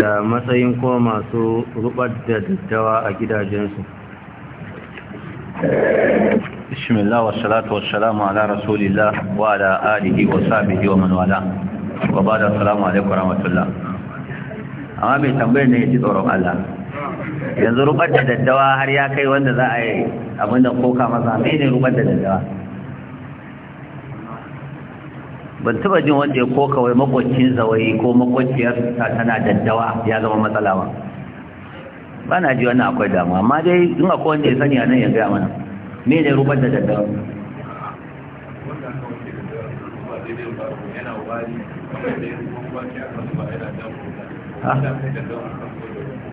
da matsayin ko masu rubar da daddawa a gidajensu bismillah wa salamu ala rasulillah wa ala alihi wa sabihi wa man wala wa da assalamu alaikum warahmatullah amma bai tambayar ne ji tsoron Allah yanzu rubar da daddawa har ya kai wanda za a yi abinda koka maza mai ne rubar da daddawa ban taba jin wanda ya koka wai makwacin zawai ko makwaciyar ta tana daddawa ya zama matsala ba ba na ji wannan akwai damuwa amma dai in akwai wanda ya sani a nan ya gaya mana me ne rubar da daddawa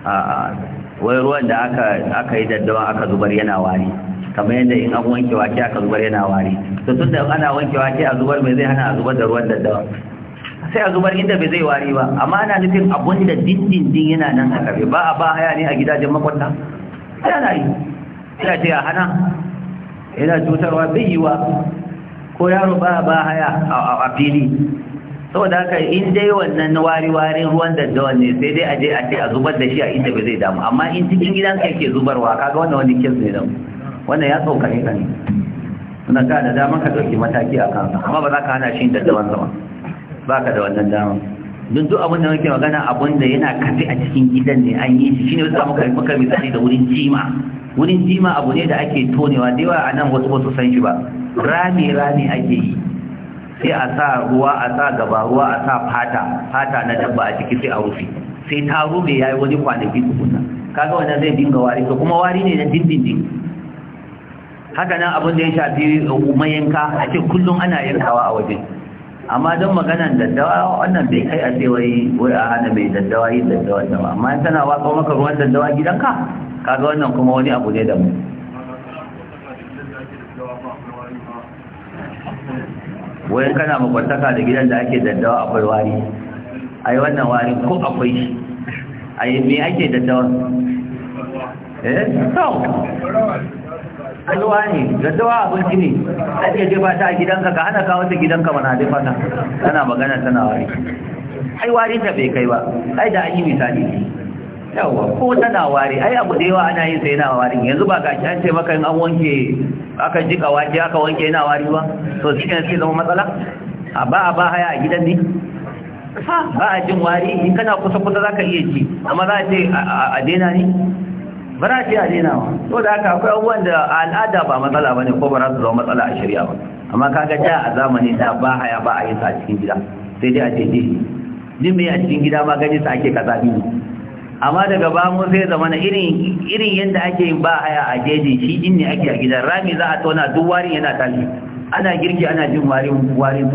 a ah, ah. wai ruwan da aka aka yi daddawa aka zubar yana wari kamar yadda in an wanke wake aka zubar yana wari to tun da ana wanke wake a zubar mai zai hana a zubar da ruwan daddawa sai a zubar inda bai zai wari ba amma ana nufin abun da dindindin yana nan a kafe ba a ba haya ne a gidajen makwabta sai ana yi ina ce a hana yana cutarwa bai yi wa ko yaro ba ba haya a fili saboda haka in dai wannan wari-warin ruwan daddawan ne sai dai a je a ce a zubar da shi a inda bai zai damu amma in cikin gidan ka yake zubarwa kaga wannan wani kes ne damu wannan ya tsokane ka ne suna ka da daman ka ɗauki mataki a kansa amma ba za ka hana shi daddawan zama ba ka da wannan daman don duk abin da muke magana abin da yana kafi a cikin gidan ne an yi shi shine wasu muka muka misali da wurin jima wurin jima abu ne da ake tonewa da yawa a nan wasu wasu san shi ba rami rami ake yi sai a sa ruwa a sa gaba ruwa a sa fata fata na dabba a ciki sai a rufe sai ta rube yayi wani kwanaki kusa kaga wannan zai dinga wari to kuma wari ne na dindindin haka nan abin da ya shafi mayanka a ce kullum ana yankawa a waje amma don maganan daddawa wannan bai kai a wai wai a hana mai daddawa yin daddawa da amma in tana watsa maka ruwan daddawa gidanka kaga wannan kuma wani abu ne da mu wai kana makwataka da gidan da ake daddawa akwai wari ai wannan wari ko akwai shi ai me ake daddawa eh to alwa ne daddawa abinci ne ake jefa ta a gidanka ka hana kawo ta gidanka mana da fata tana magana tana wari ai wari ta bai kai ba ai da an yi misali yawa ko tana ware ai abu da yawa ana yin sai yana ware yanzu ba ga an ce maka in an wanke aka jika wake aka wanke yana wari ba to shi ne sai zama matsala a ba a ba haya a gidan ne ba a jin wari in kana kusa kusa zaka iya ji amma za a ce a dena ne ba za a ce a dena ba to da haka akwai abubuwan da al'ada ba matsala bane ko ba za su zama matsala a shari'a ba amma kaga ja a zamani da ba haya ba a yi sa a cikin gida sai dai a ce ji din me a cikin gida ma gani sa ake kaza ne amma daga bamu sai zama na irin yadda ake yin ba haya a jeji shi din ne ake a gidan rami za a tona duk warin yana tashi ana girki ana jin warin warin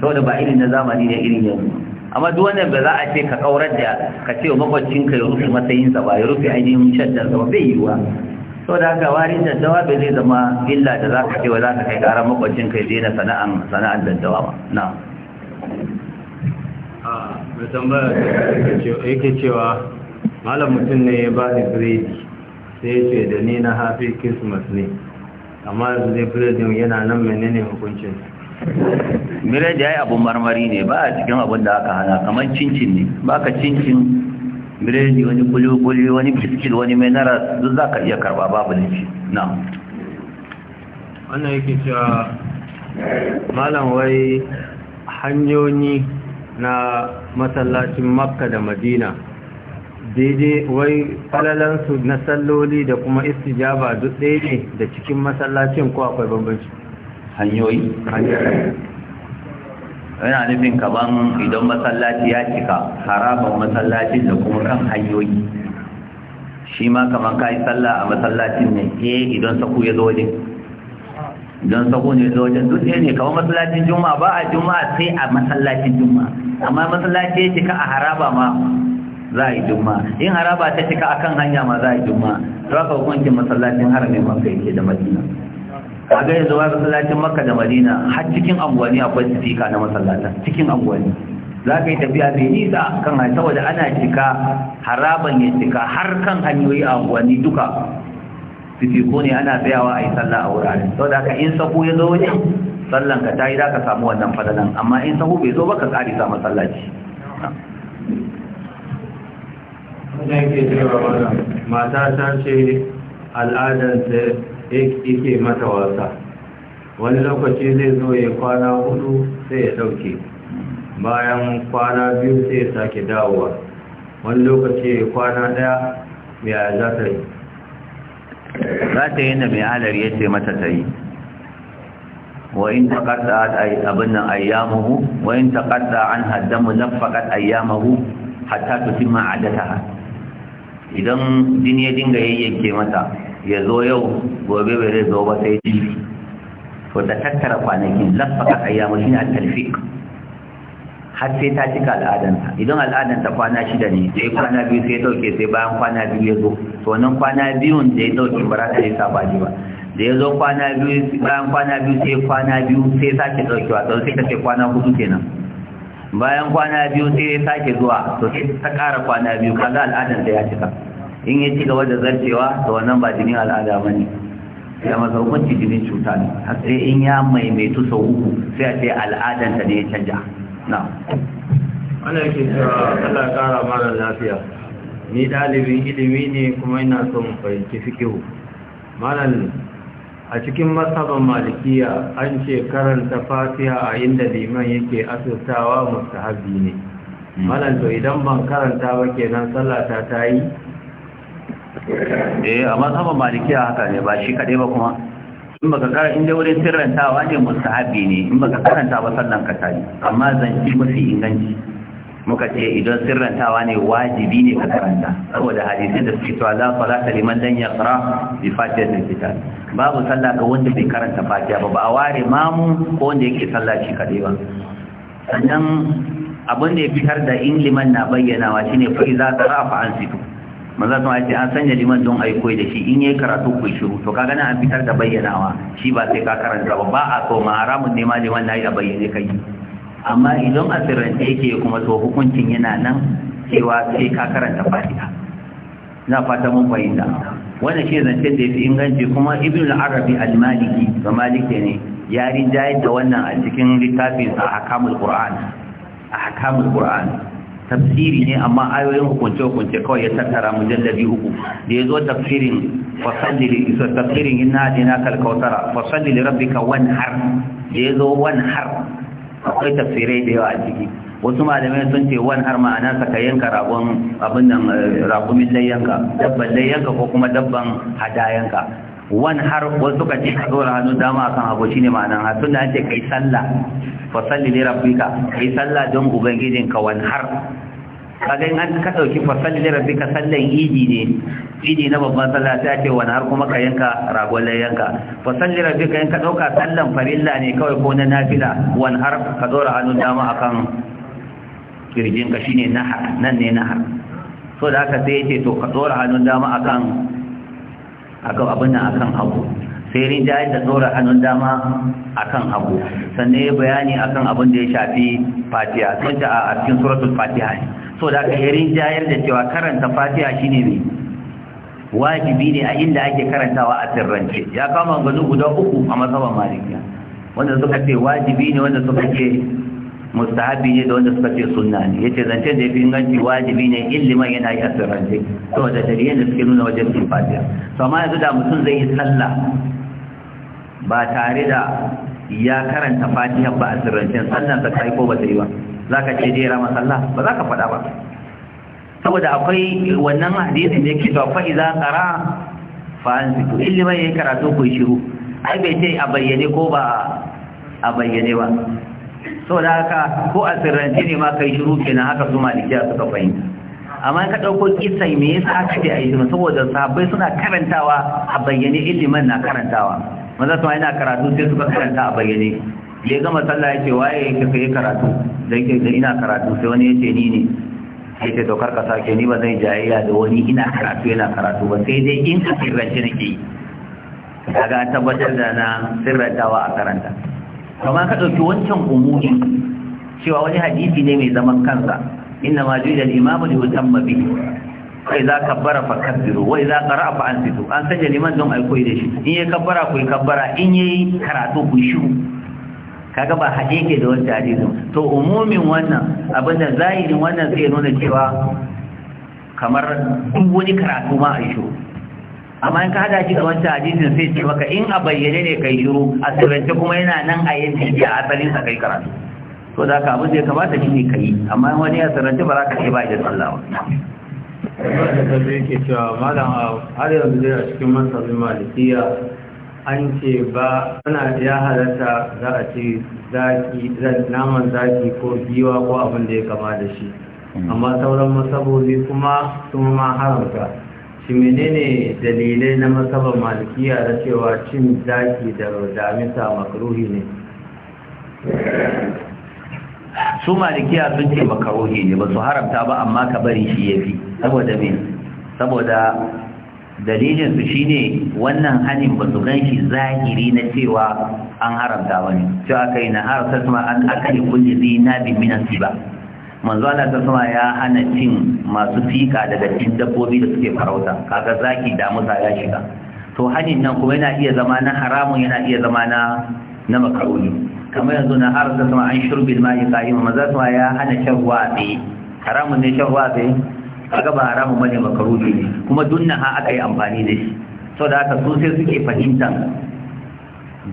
tole da ba irin na zamani ne irin yanzu amma duk wannan ba za a ce ka kaurar da ka ce wa makwacin ka ya rufe matsayin sa ba ya rufe ainihin shaddar sa ba bai to da haka warin daddawa bai zai zama illa da za ka ce wa za ka kai karar makwacin ka ya daina sana'an sana'an daddawa ba a ah, mai tambaya yake cewa malam mutum ne ya ba ni biredi sai ce da ni na hafi christmas ne amma zai biredin yana nan menene hukuncin biredi ya yi abun marmari ne ba a cikin abun da aka hana kamar cincin ne ba ka cincin biredi wani kuli-kuli wani biskit wani nara duk za ka iya karba babu da shi na wannan yake cewa malam wai hanyoyi na masallacin makka da madina daidai wai falalansu na salloli da kuma istijaba duk ɗaya ne da cikin masallacin ko akwai bambanci hanyoyi yana nufin kaman idan masallaci ya cika haraban masallacin da kuma kan hanyoyi shi ma kaman ka yi sallah a masallacin ne eh idan saku ya zo wajen idan saku ne zo wajen duk ne kaman masallacin juma'a ba a juma'a sai a masallacin juma'a amma masallaci ya cika a haraba ma za a yi juma in haraba ta cika akan hanya ma za a yi juma to haka hukuncin masallacin harami makka yake da madina kaga yanzu wa masallacin makka da madina har cikin anguwanni akwai sifika na masallata cikin anguwanni za ka yi tafiya mai nisa kan hanyar saboda ana cika haraban ya cika har kan hanyoyi a anguwanni duka fifiko ne ana tsayawa a yi sallah a wurare saboda haka in sahu ya zo wajen sallan ka ta yi za ka samu wannan fadalan amma in sahu bai zo ba ka tsari sa masallaci ne ke cewa mana mata ta ce al'adarsa yake mata wasa wani lokaci zai zo ya kwana hudu sai ya dauke bayan kwana biyu sai ya sake dawowa wani lokaci ya kwana daya ya za ta yi za ta yi na mai halar ya ce mata ta yi وإن تقطعت أي أبن أيامه وإن تقطع عنها الدم لفقت أيامه حتى تتم عادتها idan jini ya dinga yayyake mata ya zo yau gobe bai zo ba sai ji to da tattara kwanakin lafaka ayyamu shine at-talfiq har sai ta cika al'adanta idan al'adanta kwana shida ne sai kwana biyu sai dauke sai bayan kwana biyu ya zo to nan kwana biyun da ya dauke ba za ta yi ba da ya zo kwana biyu bayan kwana biyu sai kwana biyu sai sake daukewa don sai ka ce kwana hudu kenan bayan kwana biyu sai ya sake zuwa to sai ta ƙara kwana biyu kaga al'adar da ya cika in ya ci gaba da zarcewa to wannan ba jinin al'ada ba ne ya masa hukunci jinin cuta ne sai in ya maimaitu sau uku sai a ce al'adar ta ne ya canja na wanda yake cewa Allah ƙara mara lafiya ni ɗalibin ilimi ne kuma ina son fahimci fikihu malam a cikin masaban malikiya an ce karanta fatiha a inda liman yake asustawa mustahabi ne hmm. malanto idan ban karanta ba kenan tsallata ta yi eh a masaban malikiya haka ne ba shi kaɗe ba kuma in baka kara inda wurin sirrantawa ne mustahabi ne in baka karanta ba sannan ka tari yi zan zanci mafi inganci muka ce idan sirrantawa ne wajibi ne ka karanta saboda hadisi da suke cewa fara ta liman dan yaqra bi fatihatil kitab babu sallah ga wanda bai karanta fatiha ba ba a ware mamu ko wanda yake sallah shi kadai ba sannan abin da ya fitar da in liman na bayyana wa shine fa iza qara fa ansitu manzo kuma yace an sanya liman don ai koyi da shi in yayi karatu ku shiru to kaga nan an fitar da bayyanawa shi ba sai ka karanta ba ba a so ma haramun ne ma liman nayi a bayyane kai amma idan a sirrance yake kuma to hukuncin yana nan cewa sai ka karanta fatiha na fata mun fahimta wannan shi zance da yafi inganci kuma ibn al-arabi al-maliki da maliki ne ya rinjaye da wannan a cikin littafin sa ahkamul qur'an ahkamul qur'an tafsiri ne amma ayoyin hukunce-hukunce kawai ya tattara mujallabi uku da ya zo tafsirin li isa tafsirin inna dina kalkautara fasallili rabbika wan da ya zo akwai tafsirai da yawa a ciki wasu malamai sun ce wani har ma'ana sa ka yanka rabon abin nan eh, rakumin layyanka dabban layyanka ko kuma dabban hadayanka wani har wasu suka ce ka dora hannu dama kan abu shine ma'anan har da an ce kai sallah fa salli li rabbika kai sallah don ubangijinka wani har kaga in an ka dauki fasalli rabbi ka sallan idi ne idi na babban sallah sai ake wani har kuma ka yanka ragon layyanka fasalli rabbi ka yanka dauka sallan farilla ne kawai ko na nafila wani har ka dora hannun dama akan kirjin ka shine nahar nan ne nahar so da aka sai yace to ka dora hannun dama akan akan abin nan akan hagu sai rinjaye da tsora hannun dama akan hagu sannan ya bayani akan abin da ya shafi fatiha sun ta a cikin suratul fatiha ne so da aka herin jayar da cewa karanta fatiha shine ne wajibi ne a inda ake karantawa a sirrance ya kama gano guda uku a matsaban malikiya wanda suka ce wajibi ne wanda suka ce mustahabi ne da wanda suka ce sunna ne yace zance da yafi inganci wajibi ne in liman yana yi a sirrance da dalilan da suke nuna wajen fatiha to amma yanzu da mutum zai yi sallah ba tare da ya karanta fatiha ba a sirrance sannan ta kai ko ba ta yi ba za ka ce jera masallah ba za ka faɗa ba saboda akwai wannan hadisi ne ke cewa fa'i za tsara fa'an fito ilimin ya yi karatu ko shiru ai bai ce a bayyane ko ba a bayyane ba so haka ko a sirrance ne ma kai shiru na haka su malikiya suka fahimta amma ka ɗauko kisa me yasa aka ce a yi shiru saboda sahabbai suna karantawa a bayyane ilimin na karantawa Wannan sama ina karatu sai suka karanta a bayyane ya gama sallah ya ce waye ka kai karatu da yake da ina karatu sai wani ya ce ni ne sai ce to karka sake ni ba zai jayayya da wani ina karatu yana karatu ba sai dai in ka sirrance nake yi daga tabbatar da na sirrantawa a karanta kuma ka ɗauki wancan umumi cewa wani hadisi ne mai zaman kansa inna ma ju'ila imamu li yutamma bihi fa idza kabbara fa kabbiru wa idza qara'a fa ansitu an sanya liman don ai da shi in ya kabbara ku yi kabbara in yi karatu ku shi kaga ba haɗe ke da wata hadisin to umumin wannan abinda zahirin wannan zai nuna cewa kamar duk wani karatu ma a yi amma in ka hada shi da wancan hadisin sai ce maka in a bayyane ne kai shiru a sirrance kuma yana nan a yin tiki a asalin sa kai karatu to da ka abin da ya kamata shi ne kai amma wani a sirrance ba za ka ce ba da sallah ta ke cewa malam har yanzu dai a cikin masabin malikiya an ce ba ana ya halatta za a ce naman zaki ko giwa ko abin da ya kama da shi hmm. amma sauran masabobi kuma sun ma haramta shi menene dalilai na masabar malikiya da cewa cin zaki da damisa makaruhi ne su malikiya sun ce makaruhi ne ba su haramta ba amma ka bari shi ya fi saboda me saboda dalilin su shine wannan hanin ba su shi zahiri na cewa an haramta wani cewa kai na haramta kuma an akali kulli zinabi min asiba manzo Allah ta sama ya hana cin masu fika daga cin dabbobi da suke farauta kaga zaki da musa ya shiga to hanin nan kuma yana iya zama na haramun yana iya zama na na makaruni kamar yanzu na haramta sama an shurbil ma'i qayyim manzo ya hana shan ruwa haramun ne shan ruwa kaga ba haramun bane makaru ne kuma dunna ha aka yi amfani da shi da aka sun sai suke fahimta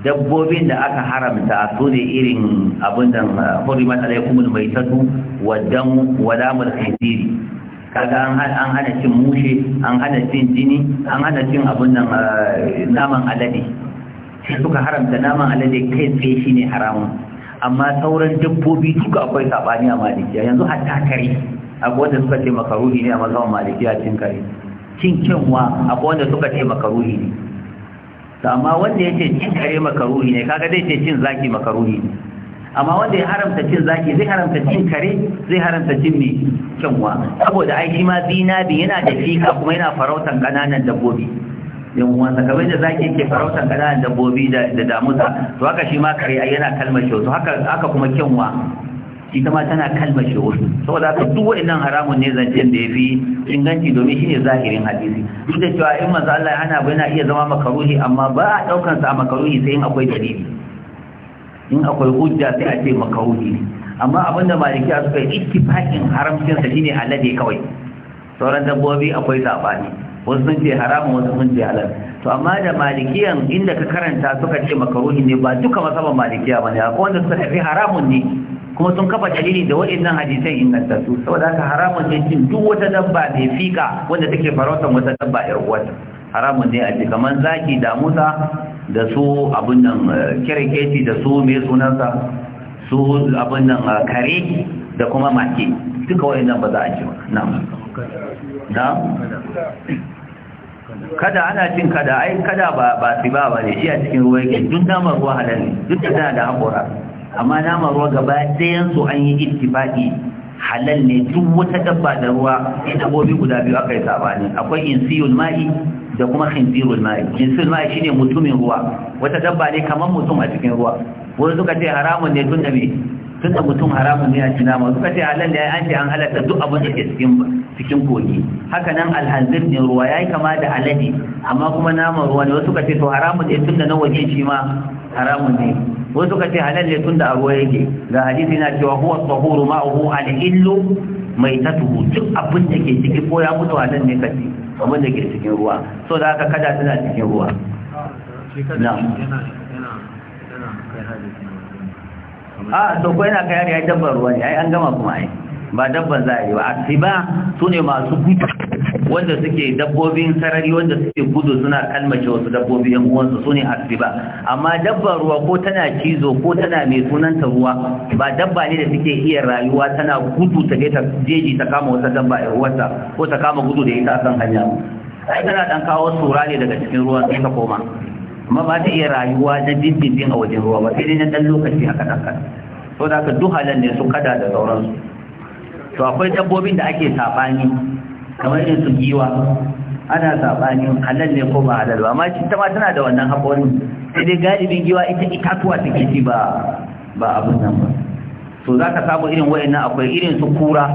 dabbobin da aka haramta su ne irin abin da kuma mai maitatu wa damu wa damul khinziri kaga an hana cin mushe an hana cin jini an hana cin abin nan eh, naman alade sai suka haramta naman alade kai tsaye ne haramun amma sauran dabbobi duka akwai saɓani a malikiya yanzu hatta kare akwai wanda suka ce makaruhi ne a maliki a cin kare cin kyanwa akwai wanda suka ce makaruhi ne amma wanda ya ce cin kare makaruhi ne kaga zai ce cin zaki makaruhi ne amma wanda ya haramta cin zaki zai haramta cin kare zai haramta cin mai kyanwa saboda ai shi ma zinabi yana da fika kuma yana farautan kananan dabbobi yan wanda kamar da zaki ke farautan kananan dabbobi da damusa to haka shi ma kare yana kalmar kyau to haka kuma kyanwa ita ma tana kalmar wasu. saboda ka duk wa'annan haramun ne zancen da ya fi inganci domin shine zahirin hadisi duk da cewa in manzo Allah ya hana ba yana iya zama makaruhi amma ba a daukan sa a makaruhi sai in akwai dalili in akwai hujja sai a ce makaruhi amma abinda malikiya suka yi ittifaqin haramcin sa shine alade kawai sauran dabbobi akwai sabani wasu sun ce haramun wasu sun ce halal to amma da malikiyan inda ka karanta suka ce makaruhi ne ba duka masaban malikiya bane akwai wanda suka tafi haramun ne kuma sun kafa dalili da waɗannan hadisai ingantattu saboda haka haramun ne cin duk wata dabba mai fika wanda take farautan wata dabba ƴar uwarta haramun ne a ji kamar zaki da musa da su abin nan eh, kirkeci da su mai sunansa su abin nan eh, kare da kuma make duka waɗannan ba za a ci ba na na kada ana cin kada ai kada ba ba ba ne shi a cikin ruwa yake duk namar ruwa halal ne duk da tana da haƙora amma naman ruwa gaba ɗayan su an yi ittifaqi halal ne duk wata dabba da ruwa sai dabbobi guda biyu aka yi sabani akwai insiyul ma'i da kuma khinzirul ma'i insiyul ma'i shi ne mutumin ruwa wata dabba ne kamar mutum a cikin ruwa wani suka ce haramun ne tun da me tun da mutum haramun ne a ci nama suka ce halal ne an ce an halatta duk abin da ke cikin cikin kogi haka nan alhanzir ne ruwa ya yi kama da alade amma kuma naman ruwa ne wasu suka ce to haramun ne tun da na waje shi ma haramun ne wasu suka ce halal ne tun da ruwa yake ga hadisi na cewa huwa tsohuru ma'uhu al al'illu mai tuhu duk abin da ke ciki ko ya mutu halal ne kace abin da ke cikin ruwa so da aka kada suna cikin ruwa na'am a ah, to ko yana kayar ya dabbar ruwa ne ai an gama kuma ai ba dabban za a yi ba asiba su ne masu gudu wanda suke dabbobin sarari wanda suke gudu suna kalmace wasu dabbobi yan uwansu su ne asiba amma dabban ruwa ko tana cizo ko tana mai sunanta ruwa ba dabba ne da suke iya rayuwa tana gudu ta je ta jeji ta kama wata dabba a ruwarta ko ta kama gudu da ita a kan hanya ai tana dan kawo tsura ne daga cikin ruwa sai ta koma amma ba ta iya rayuwa na dindindin a wajen ruwa ba sai dai na dan lokaci haka dan kan saboda haka duk halan ne su kada da sauransu to akwai dabbobin da ake saɓani kamar irin su giwa ana saɓani halal ne ko ba halal ba amma shi ta ma tana da wannan haƙorin sai dai galibin giwa ita itatuwa take ci ba ba abin nan ba so za ka samu irin wayannan akwai irin su kura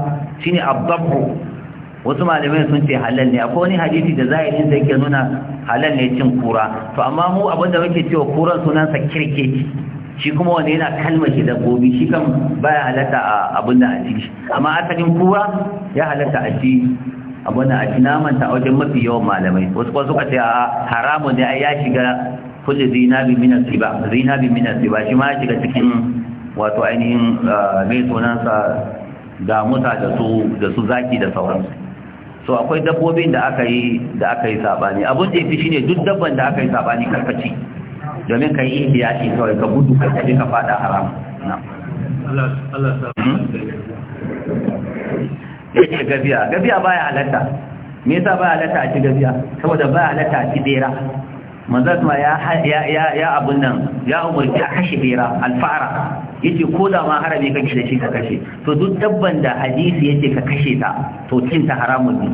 shine abdabu wasu malamai sun ce halal ne akwai wani hadisi da za a yi da yake nuna halal ne cin kura to amma mu abinda muke cewa kuran sunansa kirkeci shi kuma wane yana shi dabbobi shi kan baya halatta a abin da a ci amma asalin kura ya halatta a ci abin da a ci naman ta wajen mafi yawan malamai wasu kuma suka ce a haramun ne ya shiga kulle zinabi min asiba zinabi shi ma ya shiga cikin wato ainihin ah, mai sunansa ga musa da su zaki da sauransu so akwai dabbobin da aka yi da aka yi sabani abin da shine duk dabban da aka yi sabani karkaci domin ka yi ihtiyaci kawai ka gudu ka tafi ka fada haram hmm? ce gabiya gabiya baya halatta me yasa baya halatta a ci gabiya saboda baya halatta a ci bera manzon ma ya ya ya abun nan ya umurci a kashe bera alfara yace ko da ma harabi kake da shi ka kashe to duk dabban da hadisi yace ka kashe ta to cin ta haramun ne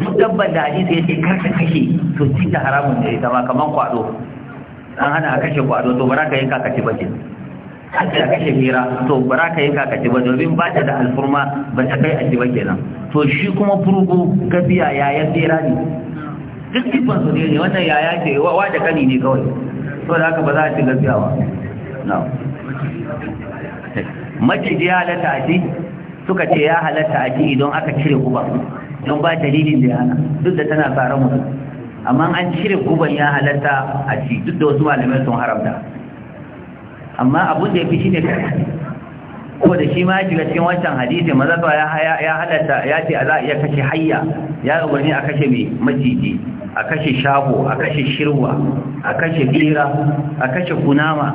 duk dabban da hadisi ya ce karka kashe to cikin haramun da ita ba kamar kwado an hana a kashe kwado to bara ka yanka ka ci bace haka kashe mira to bara ka yanka ka ci ba domin ba ta da alfurma ba ta kai a ba kenan to shi kuma furgo gabiya yayan tsira ne duk dubban su ne wannan ya ce wa da kani ne kawai to da haka ba za a ci gabiya ba maciji ya halatta a ci suka ce ya halatta a ci idan aka cire uban don ba dalilin da yana, duk da tana fara mutum amma an cire guban ya halatta a ci duk da wasu malamai sun haramta amma abun da ya fi shi ne ko da shi ma ya shiga cikin wancan hadisi maza ta ya halatta ya ce a za a iya kashe hayya ya umarni a kashe mai maciji a kashe shago a kashe shirwa a kashe bira a kashe kunama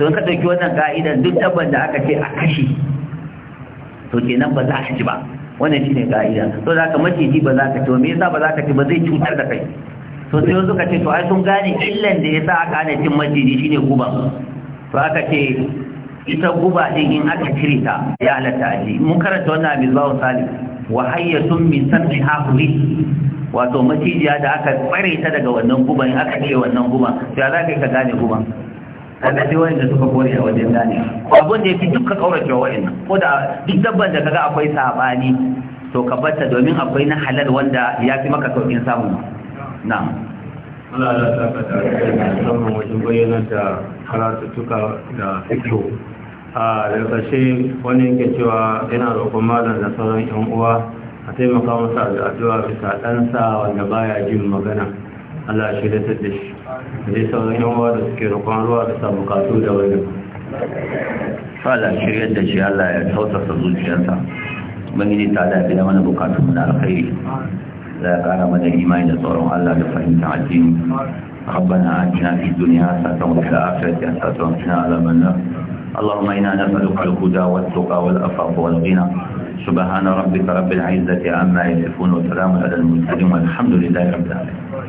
to ka ɗauki wannan ka'idan duk dabban da aka ce a kashe to kenan ba za a ci ba wannan shine ka'ida to zaka maciji ba zaka ci me yasa ba zaka ci ba zai cutar da kai to sai ce to ai sun gane illan da yasa aka hana cin maciji shine guba to aka ce ita guba din in aka cire ta ya halatta aji mun karanta wannan abin zawo wa hayyatun min sabbi hafri wato macijiya da aka tsare ta daga wannan guban aka ce wannan guban to ya zaka ka gane guban kaga sai wanda suka kore a wajen gane abin da ya fi dukkan kaurace wa ko da duk dabban da kaga akwai sabani to ka bata domin akwai na halar wanda ya fi maka saukin samu na Allah ya da wajen bayyana da da fito a daga ƙarshe wani yake cewa yana roƙon malam da sauran yan uwa a taimaka masa da addu'a bisa ɗansa wanda baya jin magana Allah ya da shi da sauran yawa da suke roƙon ruwa da sa bukatu da wani Allah shiryar da shi Allah ya tausasa zuciyarsa ubangiji ta da bi da mana bukatu mu da alkhairi da ya kara mana imani da tsoron Allah da fahimta addini ربنا آتنا في الدنيا حسنة وفي الآخرة حسنة وقنا عذاب النار اللهم إنا نسألك الهدى والتقى والعفاف والغنى سبحان ربك رب العزة عما يصفون وسلام على المرسلين والحمد لله رب العالمين